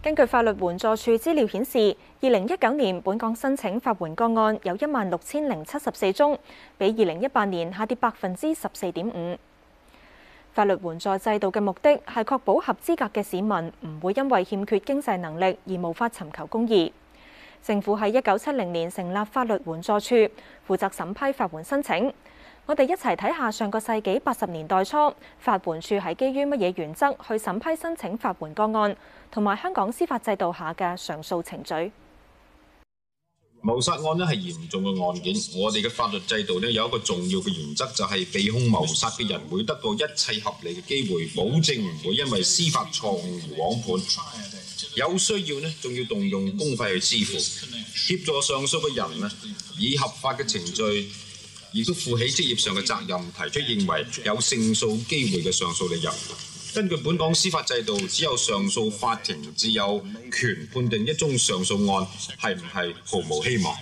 根據法律援助署資料顯示，二零一九年本港申請法援個案有一萬六千零七十四宗，比二零一八年下跌百分之十四點五。法律援助制度嘅目的係確保合資格嘅市民唔會因為欠缺經濟能力而無法尋求公義。政府喺一九七零年成立法律援助署，負責審批法援申請。我哋一齊睇下上個世紀八十年代初，法援處係基於乜嘢原則去審批申請法援個案，同埋香港司法制度下嘅上訴程序。謀殺案呢係嚴重嘅案件，我哋嘅法律制度呢有一個重要嘅原則，就係，就係被控謀殺嘅人會得到一切合理嘅機會，保證唔會因為司法錯誤而枉判。有需要呢，仲要動用公費去支付協助上訴嘅人呢，以合法嘅程序。亦都負起職業上嘅責任，提出認為有勝訴機會嘅上訴理由。根據本港司法制度，只有上訴法庭只有權判定一宗上訴案係唔係毫無希望。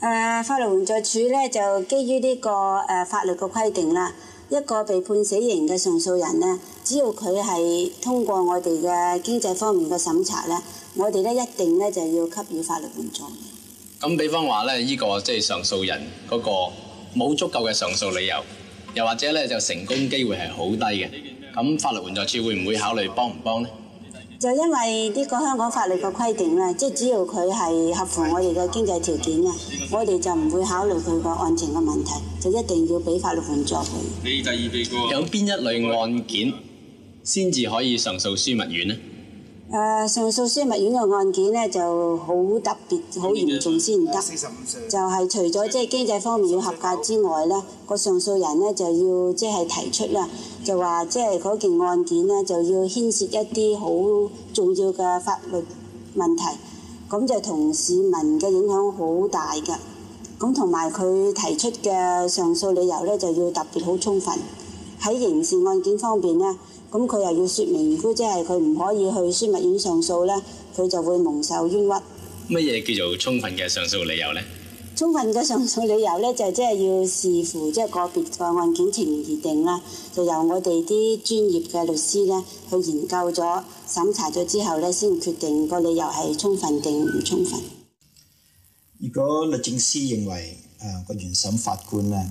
啊、法律援助處呢，就基於呢、呢個誒、啊、法律嘅規定啦，一個被判死刑嘅上訴人呢，只要佢係通過我哋嘅經濟方面嘅審查呢，我哋呢一定呢就要給予法律援助。咁比方話咧，呢個即係上訴人嗰個冇足夠嘅上訴理由，又或者咧就成功機會係好低嘅。咁法律援助署會唔會考慮幫唔幫呢？就因為呢個香港法律個規定咧，即係只要佢係合乎我哋嘅經濟條件呀，我哋就唔會考慮佢個案情嘅問題，就一定要俾法律援助佢。你第二被告有邊一類案件先至可以上訴樞密院呢？誒、uh, 上訴樞密院嘅案件咧就好特別、好嚴重先得歳，就係除咗即係經濟方面要合格之外咧，個上訴人咧就要即係、就是、提出啦，就話即係嗰件案件咧就要牽涉一啲好重要嘅法律問題，咁就同市民嘅影響好大嘅，咁同埋佢提出嘅上訴理由咧就要特別好充分。喺刑事案件方面呢，咁佢又要説明，如果即係佢唔可以去樞密院上訴呢，佢就會蒙受冤屈。乜嘢叫做充分嘅上訴理由呢？充分嘅上訴理由呢就即係要視乎即係、就是、個別個案件情而定啦。就由我哋啲專業嘅律師呢，去研究咗、審查咗之後呢，先決定個理由係充分定唔充分。如果律政司認為誒個、呃、原審法官呢。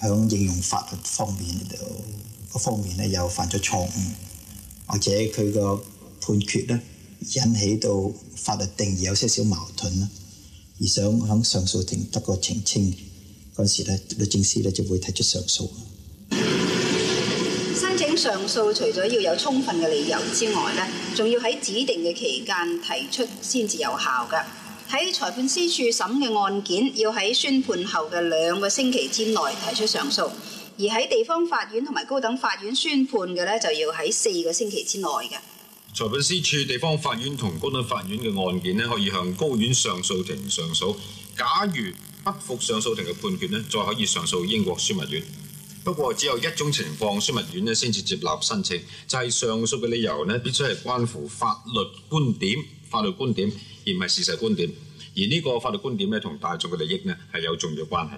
響應用法律方面度嗰方面咧，又犯咗錯誤，或者佢個判決咧引起到法律定義有些少矛盾啦，而想響上訴庭得個澄清嗰時咧，律政司咧就會提出上訴。申請上訴除咗要有充分嘅理由之外咧，仲要喺指定嘅期間提出先至有效㗎。喺裁判司署審嘅案件，要喺宣判後嘅兩個星期之內提出上訴；而喺地方法院同埋高等法院宣判嘅咧，就要喺四個星期之內嘅。裁判司署、地方法院同高等法院嘅案件呢，可以向高院上訴庭上訴。假如不服上訴庭嘅判決呢，再可以上訴英國樞密院。不過只有一種情況，樞密院咧先至接納申請，就係上訴嘅理由呢，必須係關乎法律觀點，法律觀點。而唔係事實觀點，而呢個法律觀點咧，同大眾嘅利益咧係有重要關係。